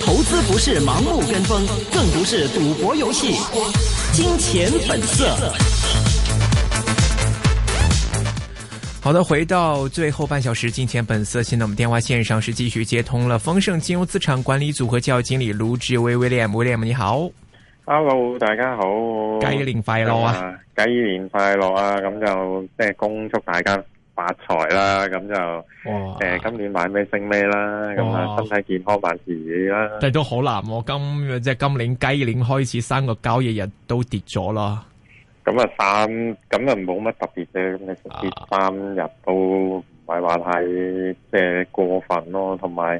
投資不是盲目跟風，更不是賭博遊戲。金錢本色。好的，回到最後半小時，金錢本色。現在我們電話線上是繼續接通了，豐盛金融資產管理組合教育經理盧志威 William，William 你好，Hello，大家好，雞年快樂啊，雞年快樂啊，咁、啊、就即係恭祝大家。發財啦，咁就誒哇、呃，今年買咩升咩啦，咁啊哇，身體健康萬事如意啦。但係都好難喎，今即係今年雞年開始三個交易日都跌咗啦。咁啊三，咁啊冇乜特別啫，咁啊跌三日都唔係話太誒過分咯，同埋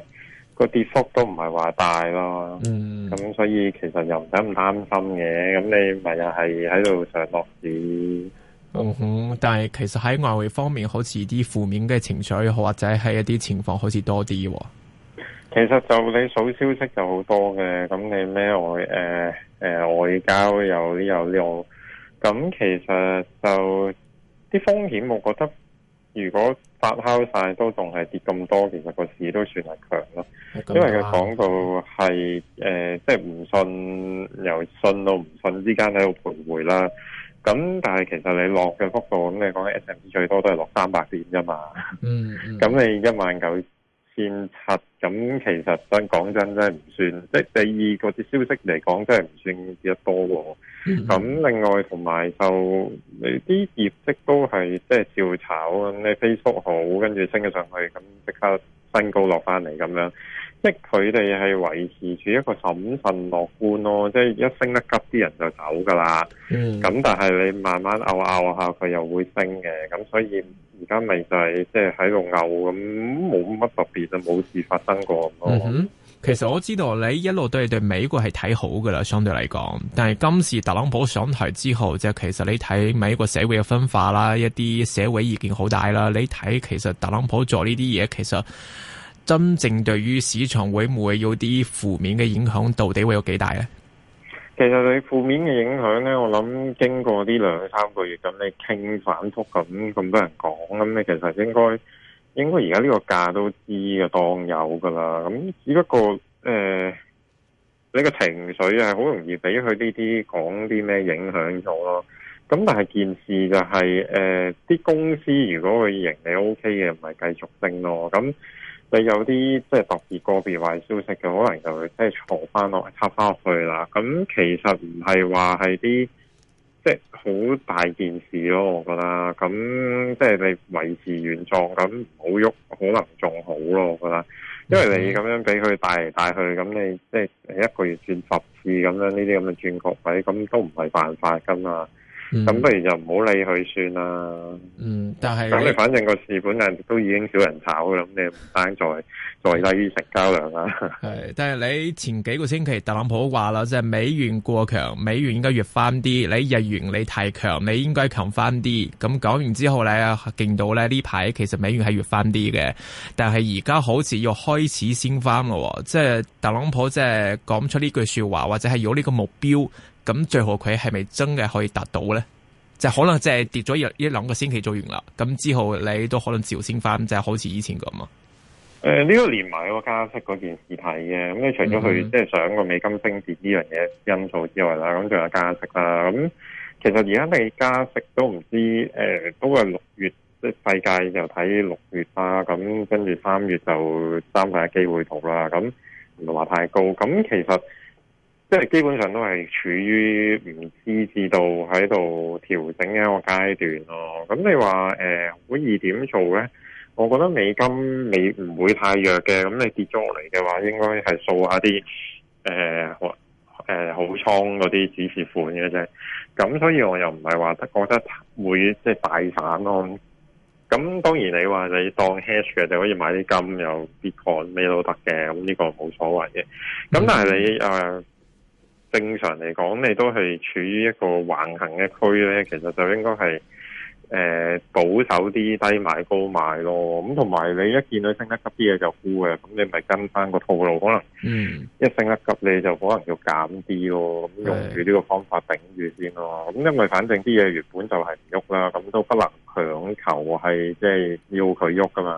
個跌幅都唔係話大咯。嗯。咁所以其實又唔使咁擔心嘅，咁你咪又係喺度上落市。嗯哼，但係其實喺外匯方面，好似啲負面嘅情緒，或者係一啲情況，好似多啲。其實就你數消息就好多嘅，咁你咩外誒誒、呃呃、外交有呢、這個、有呢、這、度、個，咁其實就啲風險，我覺得如果發酵晒都仲係跌咁多，其實個市都算係強咯。啊、因為佢講到係誒，即係唔信由信到唔信之間喺度徘徊啦。咁但係其實你落嘅幅度，咁你講緊 S M B 最多都係落三百點啫嘛、嗯。嗯。咁 你一萬九千七，咁其實真講真真係唔算。即第二個啲消息嚟講，真係唔算得多喎。咁、嗯、另外同埋就你啲業績都係即係照炒，咁你 Facebook 好，跟住升咗上去，咁即刻新高落翻嚟咁樣。即係佢哋係維持住一個審慎樂觀咯，即係一升得急啲人就走噶啦。咁、嗯、但係你慢慢拗拗下，佢又會升嘅。咁所以而家咪就係、是、即係喺度拗，咁冇乜特別，就冇事發生過咁咯、嗯。其實我知道你一路都係對美國係睇好噶啦，相對嚟講。但係今次特朗普上台之後，即係其實你睇美國社會嘅分化啦，一啲社會意見好大啦。你睇其實特朗普做呢啲嘢，其實。真正對於市場會唔會有啲負面嘅影響，到底會有幾大呢？其實對負面嘅影響呢，我諗經過啲兩三個月咁，你傾反覆咁咁多人講咁你其實應該應該而家呢個價都知嘅，當有噶啦。咁只不過誒、呃，你個情緒係好容易俾佢呢啲講啲咩影響咗咯。咁但係件事就係、是、誒，啲、呃、公司如果佢盈利 OK 嘅，唔係繼續升咯咁。你有啲即係特別個別壞消息嘅，可能就會即係坐翻落嚟插翻落去啦。咁其實唔係話係啲即係好大件事咯，我覺得。咁即係你維持原狀，咁唔好喐，可能仲好咯，我覺得。因為你咁樣俾佢帶嚟帶去，咁你即係一個月轉十次咁樣呢啲咁嘅轉角位，咁都唔係辦法噶嘛。咁、嗯、不如就唔好理佢算啦。嗯，但係咁你反正個市本身都已經少人炒嘅，咁你唔單再再低於成交量啦。係，但係你前幾個星期特朗普話啦，即係美元過強，美元應該弱翻啲。你日元你太強，你應該強翻啲。咁講完之後咧，勁到咧呢排其實美元係弱翻啲嘅，但係而家好似要開始先翻咯。即係特朗普即係講出呢句說話，或者係有呢個目標。咁最後佢係咪真嘅可以達到咧？就可能即係跌咗一、一兩個星期做完啦。咁之後你都可能照先返，即係好似以前咁啊。誒、呃、呢、這個連埋個加息嗰件事睇嘅。咁、嗯、你、嗯、除咗佢即係上個美金升跌呢樣嘢因素之外啦，咁、嗯、仲、嗯、有加息啦。咁、嗯、其實而家你加息都唔知，誒、呃、都係六月，即係世界就睇六月啊。咁跟住三月就三份機會度啦。咁唔係話太高。咁、嗯、其實。即係基本上都係處於唔知至到喺度調整嘅一個階段咯。咁、嗯、你話誒可以點做咧？我覺得美金你唔會太弱嘅，咁、嗯、你跌咗落嚟嘅話，應該係掃下啲誒誒好倉嗰啲止蝕款嘅啫。咁、嗯、所以我又唔係話得覺得會即係大散咯、啊。咁、嗯、當然你話你當 hedge 嘅就可以買啲金又跌過未都得嘅，咁、嗯、呢、這個冇所謂嘅。咁、嗯嗯、但係你誒。呃正常嚟講，你都係處於一個橫行嘅區咧，其實就應該係誒保守啲低買高賣咯。咁同埋你一見到升得急啲嘢就沽嘅，咁你咪跟翻個套路。可能一升得急，你就可能要減啲咯。咁用住呢個方法頂住先咯。咁因為反正啲嘢原本就係唔喐啦，咁都不能強求係即係要佢喐㗎嘛。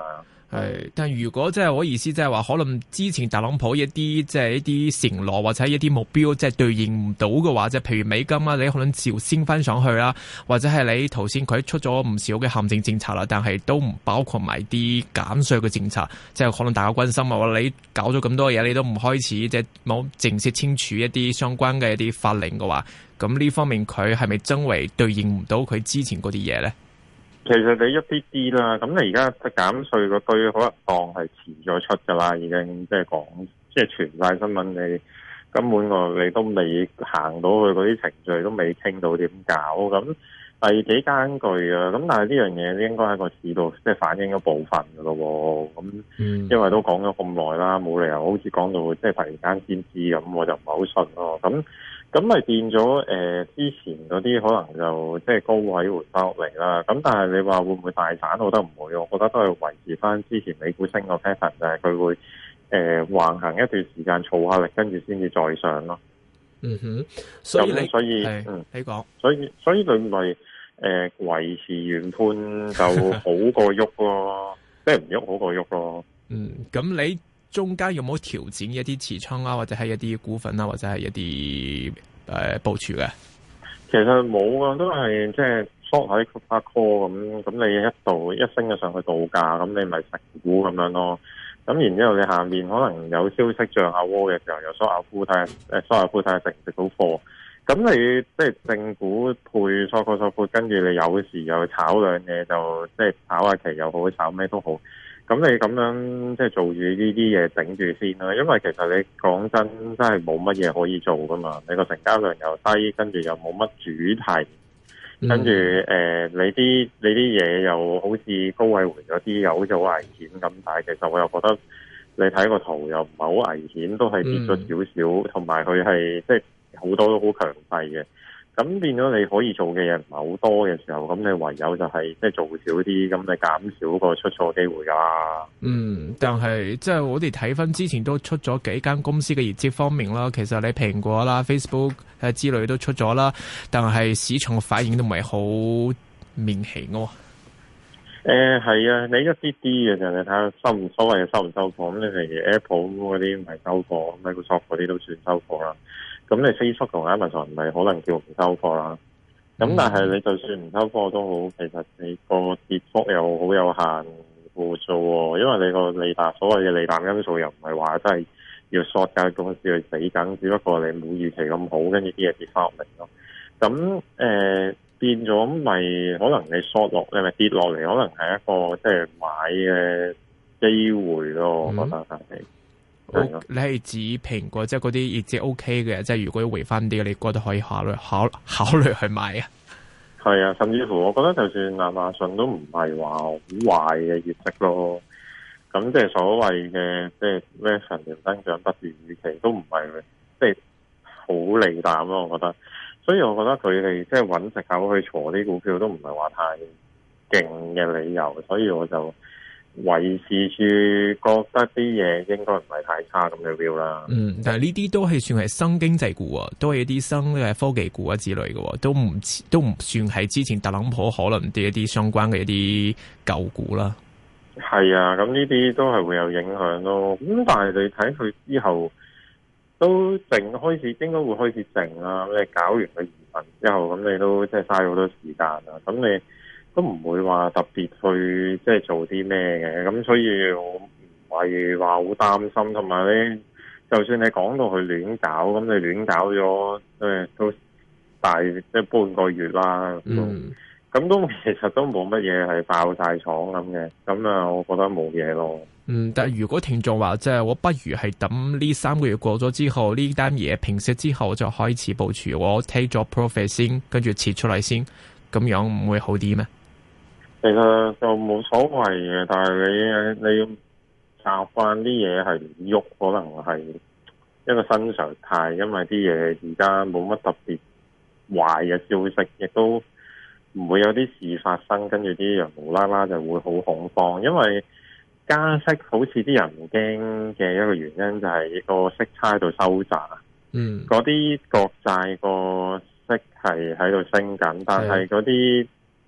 係，但如果即係我意思，即係話可能之前特朗普一啲即係一啲承諾或者一啲目標，即係對應唔到嘅話，即係譬如美金啊，你可能照升翻上去啦，或者係你頭先佢出咗唔少嘅陷阱政策啦，但係都唔包括埋啲減稅嘅政策，即係可能大家關心啊，你搞咗咁多嘢，你都唔開始即係冇正式清楚一啲相關嘅一啲法令嘅話，咁呢方面佢係咪真係對應唔到佢之前嗰啲嘢咧？其實你一啲啲啦，咁你而家減稅嗰堆，可能當係遲咗出噶啦，已經即係講，即係傳晒新聞，你根本個你都未行到去嗰啲程序，都未傾到點搞，咁係幾艱巨啊！咁但係呢樣嘢應該喺個市度，即係反映一部分噶咯噃，咁因為都講咗咁耐啦，冇理由好似講到即係突然間先知咁，我就唔係好信咯，咁。咁咪變咗誒、呃、之前嗰啲可能就即係高位回翻落嚟啦。咁但係你話會唔會大散？我覺得唔會。我覺得都係維持翻之前美股升嘅 pattern，就係、是、佢會誒、呃、橫行一段時間，儲下力，跟住先至再上咯。嗯哼，咁所以嗯，你講，所以、嗯、你說所以佢咪誒維持原判就好過喐咯，即係唔喐好過喐咯。嗯，咁你。中間有冇調整一啲持倉啊，或者係一啲股份啊，或者係一啲誒部署嘅？其實冇啊，都係即係 short 喺 call 咁，咁你一度一升咗上去度假，咁你咪成股咁樣咯、啊。咁然之後你下面可能有消息漲下窩嘅時候，又 short 下 put，誒 short 下 put 係食唔食到貨？咁你即係、就是、正股配索，個索跟住你有嘅時又炒兩嘢，就即係、就是、炒下期又好，炒咩都好。咁你咁樣即係做住呢啲嘢頂住先啦，因為其實你講真真係冇乜嘢可以做㗎嘛，你個成交量又低，跟住又冇乜主題，跟住誒、mm hmm. 呃、你啲你啲嘢又好似高位回咗啲，又好似好危險咁，但係其實我又覺得你睇個圖又唔係好危險，都係跌咗少少，同埋佢係即係好多都好強勢嘅。咁變咗你可以做嘅嘢唔係好多嘅時候，咁你唯有就係、是、即係做少啲，咁你減少個出錯機會啦。嗯，但係即係我哋睇翻之前都出咗幾間公司嘅業績方面啦，其實你蘋果啦、Facebook 誒之類都出咗啦，但係市場反應都唔係好明顯喎、哦。誒係啊，你一啲啲嘅時候，你睇下收唔收惠，收唔收貨你譬如 Apple 嗰啲唔係收貨，Microsoft 嗰啲都算收貨啦。咁你 Facebook 同 Amazon 唔係可能叫唔收貨啦？咁但係你就算唔收貨都好，其實你個跌幅又好有限，負數喎。因為你個利淡所謂嘅利淡因素又唔係話真係要 short 間公司去死緊，只不過你冇預期咁好，跟住啲嘢跌翻落嚟咯。咁誒、呃、變咗咪、就是、可能你 short 落，你咪跌落嚟，可能係一個即係、就是、買嘅機會咯。我覺得係。你你係指蘋果，即係嗰啲業績 O K 嘅，即係、okay、如果要回翻啲，你覺得可以考慮考考慮去買啊？係啊，甚至乎我覺得就算亞馬遜都唔係話好壞嘅業績咯。咁即係所謂嘅，即係咩長年增長不如預期都唔係即係好利淡咯。我覺得，所以我覺得佢哋即係穩食下，就是、口去坐啲股票都唔係話太勁嘅理由，所以我就。維持住，覺得啲嘢應該唔係太差咁嘅 feel 啦。嗯，但係呢啲都係算係新經濟股，都係一啲新嘅科技股啊之類嘅，都唔都唔算係之前特朗普可能啲一啲相關嘅一啲舊股啦。係啊、嗯，咁呢啲都係會有影響咯。咁但係你睇佢之後都靜開始，應該會開始靜啦、啊。咁你搞完個移民之後，咁你都即係嘥咗好多時間啦。咁你。都唔會話特別去即係做啲咩嘅，咁所以我唔係話好擔心，同埋咧，就算你講到佢亂搞，咁你亂搞咗誒都大即係半個月啦，咁都其實都冇乜嘢係爆晒廠咁嘅，咁啊，我覺得冇嘢咯。嗯，但係如果聽眾話即係我不如係等呢三個月過咗之後，呢單嘢平息之後我就開始部署，我 take 咗 profit 先，跟住撤出嚟先，咁樣唔會好啲咩？其實就冇所謂嘅，但係你你習慣啲嘢係唔喐，可能係一個新常態，因為啲嘢而家冇乜特別壞嘅消息，亦都唔會有啲事發生，跟住啲人無啦啦就會好恐慌。因為加息好似啲人唔驚嘅一個原因就係個息差度收窄，嗯，嗰啲國債個息係喺度升緊，嗯、但係嗰啲。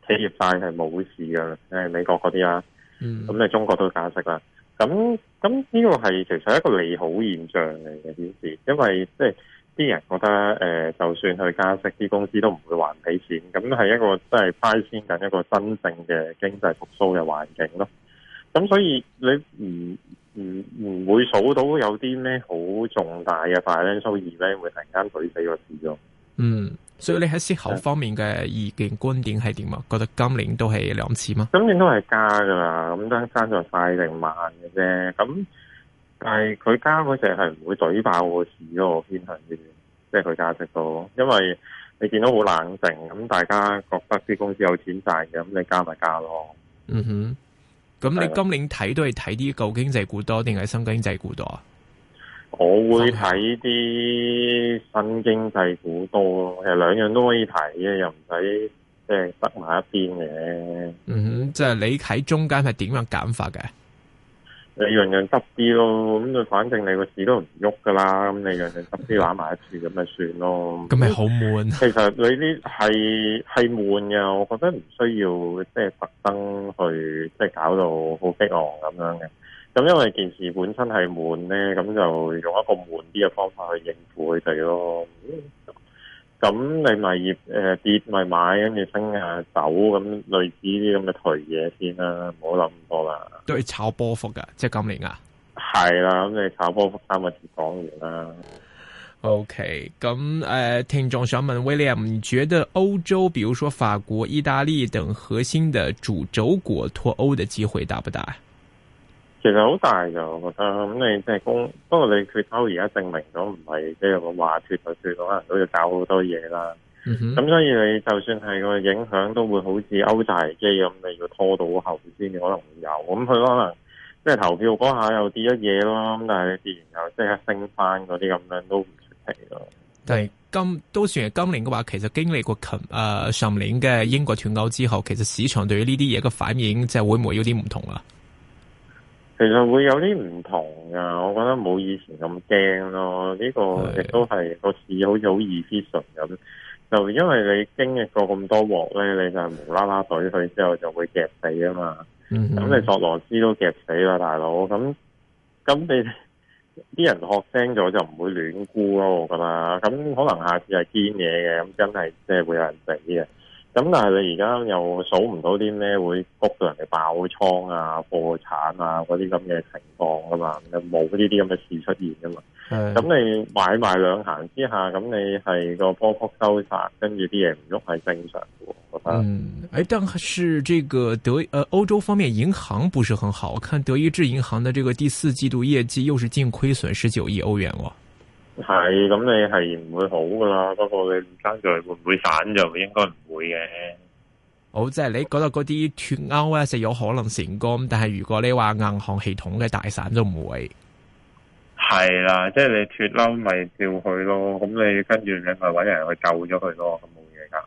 企業債係冇事噶，誒美國嗰啲啊，咁你、嗯嗯、中國都加息啦，咁咁呢個係其實一個利好現象嚟嘅啲事，因為即係啲人覺得誒、呃，就算去加息，啲公司都唔會還俾錢，咁係一個即係派纖緊一個真正嘅經濟復蘇嘅環境咯。咁、嗯、所以你唔唔唔會數到有啲咩好重大嘅大咧，數二咧會突然間舉死個市咗。嗯。所以你喺思考方面嘅意見觀點係點啊？覺得今年都係兩次嗎？今年都係加㗎喇，咁都加咗快定慢嘅啫。咁但係佢加嗰時係唔會嘴爆個市咯，我偏向啲，即係佢價值多。因為你見到好冷靜，咁大家覺得啲公司有錢賺嘅，咁你加咪加咯。嗯哼，咁你今年睇都係睇啲舊經濟股多定係新經濟股多？我會睇啲新經濟股多咯，其實兩樣都可以睇嘅，又唔使即係得埋一邊嘅。嗯哼，即係你喺中間係點樣揀法嘅？你樣樣執啲咯，咁就反正你個市都唔喐噶啦，咁你樣樣執啲玩埋一次咁咪算咯。咁咪好悶。其實你啲係係悶嘅，我覺得唔需要即係特登去即係搞到好激昂咁樣嘅。咁因為件事本身係悶咧，咁就用一個悶啲嘅方法去應付佢哋咯。咁 你咪業誒、呃、跌咪買，跟住升下走，咁、嗯、類似啲咁嘅頹嘢先啦、啊，唔好諗咁多啦。都係炒波幅噶，即係今年啊，係啦、啊，咁你炒波幅三個字講完啦。O K，咁誒，聽眾想問 William，你覺得歐洲，比如說法國、意大利等核心嘅主軸國脱歐嘅機會大不大？其實好大嘅，我覺得咁你即係公，不過你脫歐而家證明咗唔係即係個話脫就脫，可能都要搞好多嘢啦。咁、嗯、哼所以你就算係個影響，都會好似歐債危機咁，你要拖到後先，至可能會有。咁佢可能即係投票嗰下又跌咗嘢咯，咁但係自然又即刻升翻嗰啲咁樣都唔出奇咯。但係今都算係今年嘅話，其實經歷過琴誒上年嘅英國脫歐之後，其實市場對於呢啲嘢嘅反應，即係會唔會有啲唔同啊？其實會有啲唔同噶，我覺得冇以前咁驚咯。呢、這個亦都係個市好似好易之順咁，就因為你經歷過咁多鑊咧，你就係無啦啦懟去之後就會夾死啊嘛。咁、嗯嗯、你索羅斯都夾死啦，大佬。咁咁你啲 人學精咗就唔會亂估、啊、我覺得咁可能下次係堅嘢嘅，咁真係即係會有人死嘅。咁但係你而家又數唔到啲咩會谷到人哋爆倉啊、破產啊嗰啲咁嘅情況噶嘛，冇呢啲咁嘅事出現噶嘛。咁你買賣兩行之下，咁你係個波幅收窄，跟住啲嘢唔喐係正常嘅。我覺得。誒，但是這個德誒、呃、歐洲方面銀行不是很好，我看德意志銀行嘅呢個第四季度業績又是淨虧損十九億歐元喎。係，咁你係唔會好噶啦。不過你唔爭住會唔會散就應該唔會嘅。好，即係你覺得嗰啲脫鈎咧，就有可能成功。但係如果你話銀行系統嘅大散都唔會。係啦，即係你脫鈎咪掉佢咯。咁你跟住你咪搵人去救咗佢咯，咁冇嘢噶。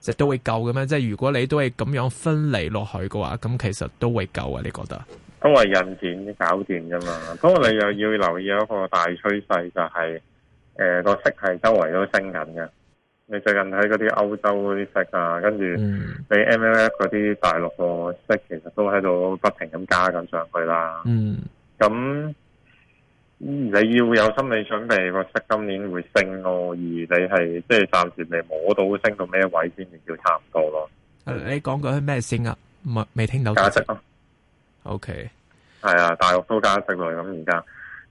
即都會救嘅咩？即係如果你都係咁樣分離落去嘅話，咁其實都會救啊？你覺得？都係印錢搞掂噶嘛？不過你又要留意一個大趨勢，就是，就係誒個息係周圍都升緊嘅。你最近睇嗰啲歐洲啲息啊，跟住、嗯、你 M L F 嗰啲大陸個息，其實都喺度不停咁加緊上去啦。咁、嗯、你要有心理準備，個息今年會升咯、啊。而你係即係暫時未摸到升到咩位先至叫差唔多咯、嗯。誒，你講緊係咩升啊？未未聽到價值啊？O K，係啊，大陸都加息啦，咁而家，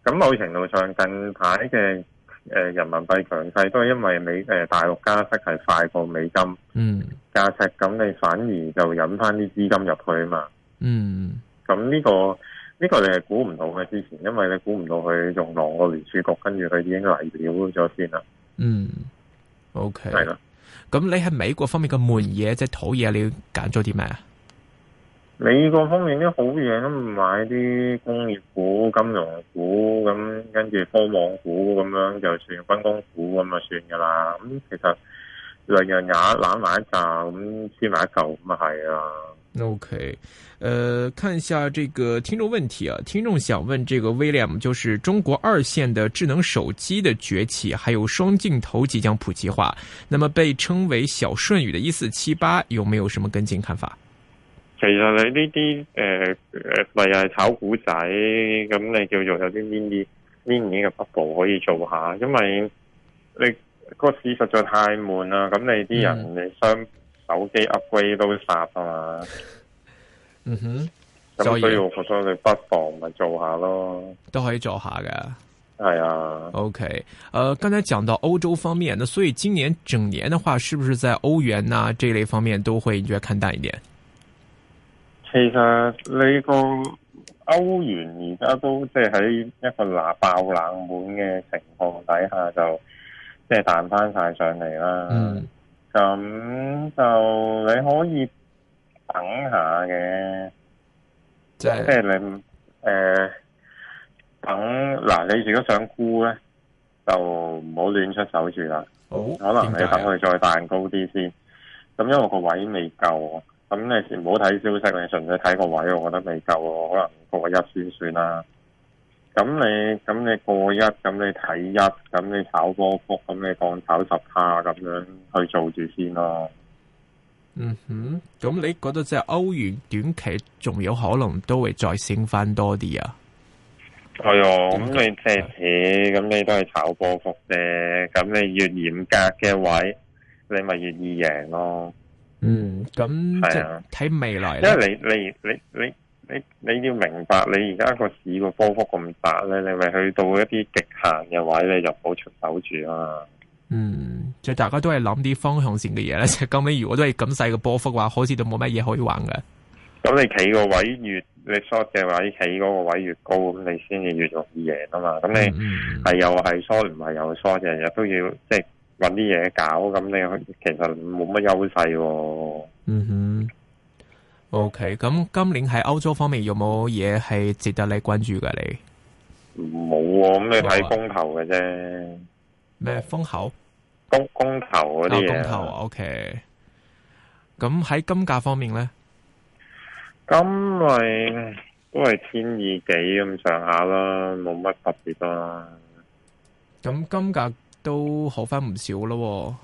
咁某程度上近排嘅誒人民幣強勢都係因為美誒大陸加息係快過美金，嗯，加息，咁你反而就引翻啲資金入去啊嘛，嗯，咁呢個呢個你係估唔到嘅之前，因為你估唔到佢用狼個聯儲局，跟住佢已經嚟料咗先啦，嗯，O K，係啦，咁你喺美國方面嘅門嘢即係土嘢，你揀咗啲咩啊？美國方面啲好嘢都買啲工業股、金融股，咁跟住科網股咁樣，就算軍工股咁咪算噶啦。咁、嗯、其實兩日眼攬埋一扎，咁黐埋一嚿咁啊係啊。OK，誒，看一下這個聽眾問題啊，聽眾想問這個 William，就是中國二線的智能手機的崛起，還有雙鏡頭即將普及化，那麼被稱為小舜宇的一四七八，有沒有什麼跟進看法？其實你呢啲誒誒，咪、呃、係炒股仔咁，你叫做有啲 mini 嘅、嗯、mini bubble 可以做下，因為你、你個市實在太悶啦。咁你啲人你上、嗯、手機 upgrade 都會殺啊嘛。嗯哼，所以我想你不妨咪做下咯，都可以做下噶。係啊，OK、呃。誒，剛才講到歐洲方面，那所以今年整年嘅話，是不是在歐元呢、啊、這類方面都會你覺得看淡一點？其實你個歐元而家都即係喺一個冷爆冷門嘅情況底下，就即係彈翻晒上嚟啦。咁、嗯、就你可以等下嘅，就是、即係你誒、呃，等嗱，你自己想沽咧，就唔好亂出手住啦。好，可能你等佢再彈高啲先。咁何因為個位未夠。咁你唔好睇消息，你純粹睇個位，我覺得未夠哦，可能過一先算啦。咁你咁你過一，咁你睇一，咁你炒波幅，咁你放炒十下咁樣去做住先咯。uhm, 嗯哼，咁你覺得即係歐元短期仲有可能都會再升翻多啲啊？係啊、哦，咁你即起，咁你都係炒波幅啫。咁你越嚴格嘅位，你咪越易贏咯。嗯，咁係睇未來。因為你你你你你你要明白你，你而家個市個波幅咁大咧，你咪去到一啲極限嘅位，你就唔好出手住啦、嗯嗯。嗯，即係大家都係諗啲方向性嘅嘢咧。咁尾如果都係咁細個波幅嘅話，好似都冇乜嘢可以玩嘅。咁你企個位越你 short 嘅位企嗰個位越高，咁你先至越容易贏啊嘛。咁你係又係，係 short 唔係又 short 都要即係。搵啲嘢搞，咁你其實冇乜優勢。嗯哼，OK。咁今年喺歐洲方面有冇嘢係值得你關注噶？你冇咁你睇公投嘅啫。咩？封口？公，公投嗰啲啊？OK。咁喺金價方面咧？金位都係千二幾咁上下啦，冇乜特別啦。咁金價？都好翻唔少咯。哦，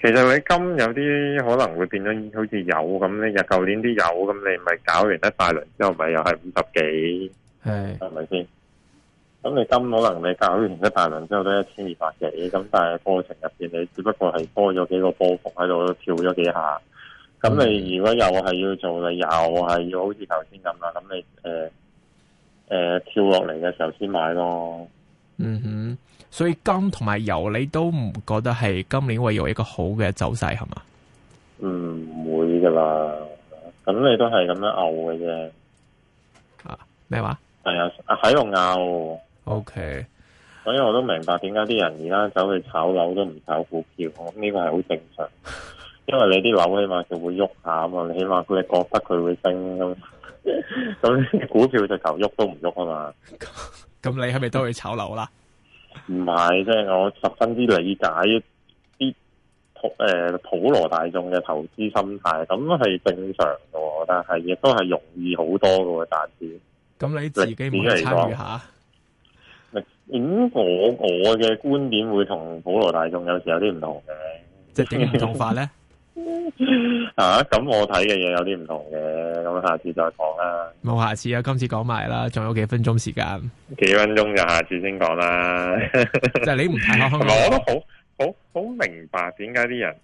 其實你金有啲可能會變咗好似油咁，你又舊年啲油咁，你咪搞完一大輪之後咪又係五十幾，係係咪先？咁你金可能你搞完一大輪之後都一千二百幾，咁但係過程入邊你只不過係多咗幾個波幅喺度跳咗幾下，咁你如果又係要做，你又係要好似頭先咁樣，咁你誒誒、呃呃、跳落嚟嘅時候先買咯，嗯哼。所以金同埋油，你都唔覺得係今年會有一個好嘅走勢係嘛？唔、嗯、會噶啦，咁你都係咁樣拗嘅啫。啊咩話？係啊，喺度拗。O Okay . K，所以我都明白點解啲人而家走去炒樓都唔炒股票，我諗呢個係好正常。因為你啲樓起碼就會喐下啊嘛，起碼你起碼佢哋覺得佢會升咁，咁股票就求喐都唔喐啊嘛。咁 你係咪都去炒樓啦？ 唔係，即係我十分之理解一啲普誒、呃、普羅大眾嘅投資心態，咁係正常嘅，但係亦都係容易好多嘅，但是咁、嗯、你自己唔參與下？咁、嗯、我我嘅觀點會同普羅大眾有時有啲唔同嘅，即係點唔同法咧？ 啊，咁我睇嘅嘢有啲唔同嘅，咁下次再講啦。冇下次啊，今次講埋啦，仲有幾分鐘時間，幾分鐘就下次先講啦。 就你唔睇香港，我都好好明白點解啲人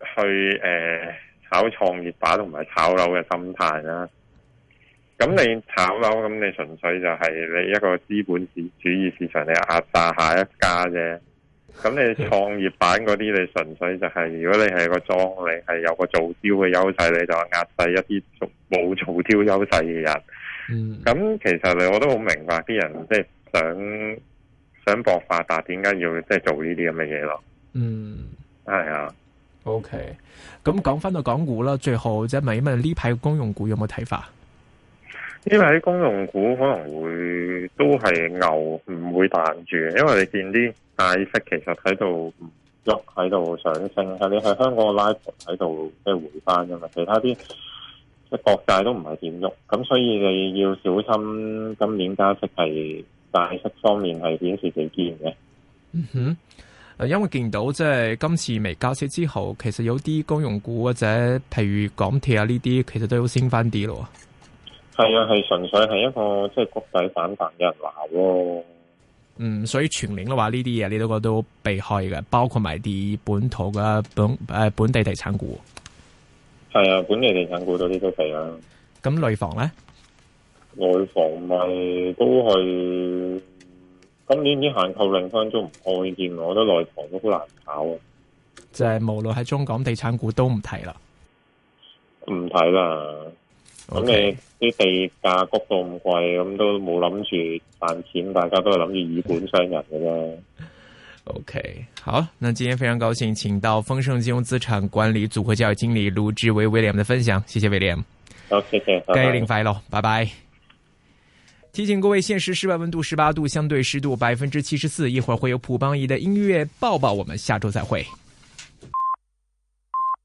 去誒、呃、炒創業板同埋炒樓嘅心態啦。咁你炒樓，咁你純粹就係你一個資本主義市場，你壓榨下一家啫。咁 你創業板嗰啲，你純粹就係、是、如果你係個莊，你係有個造雕嘅優勢，你就壓制一啲冇造雕優勢嘅人。咁、嗯、其實你我都好明白啲人即係想想搏發達，點解要即係、就是、做呢啲咁嘅嘢咯？嗯，係啊。OK，咁講翻到港股啦，最後即係咪問呢排公用股有冇睇法？因為喺公用股可能會都係牛，唔會彈住。因為你見啲大息其實喺度喐，喺度上升。但你喺香港拉盤喺度即係回翻噶嘛，其他啲即係各界都唔係點喐。咁所以你要小心，今年加息係大息方面係顯示幾堅嘅。嗯哼，因為見到即係今次未加息之後，其實有啲公用股或者譬如港鐵啊呢啲，其實都要升翻啲咯。係啊，係純粹係一個即係谷底反彈嘅話，嗯，所以全年嘅話呢啲嘢，你都覺得都避開嘅，包括埋啲本土嘅本誒、呃、本地地產股。係啊，本地地產股都呢都避啊。咁內房咧？內房咪都係今年啲限購令分宗唔可見，我覺得內房都好難搞啊！就係無論係中港地產股都唔睇啦，唔睇啦。咁你啲地價谷到咁貴，咁都冇諗住賺錢，大家都係諗住以本傷人嘅啫。O、okay. K，好，那今天非常高興，請到豐盛金融資產管理組合教育經理盧志威 William 的分享，謝謝 William。O K，O K，該領翻咯，拜拜。提醒各位，現時室外溫度十八度，相對濕度百分之七十四，一會兒會有普邦儀的音樂抱抱，我們下周再會。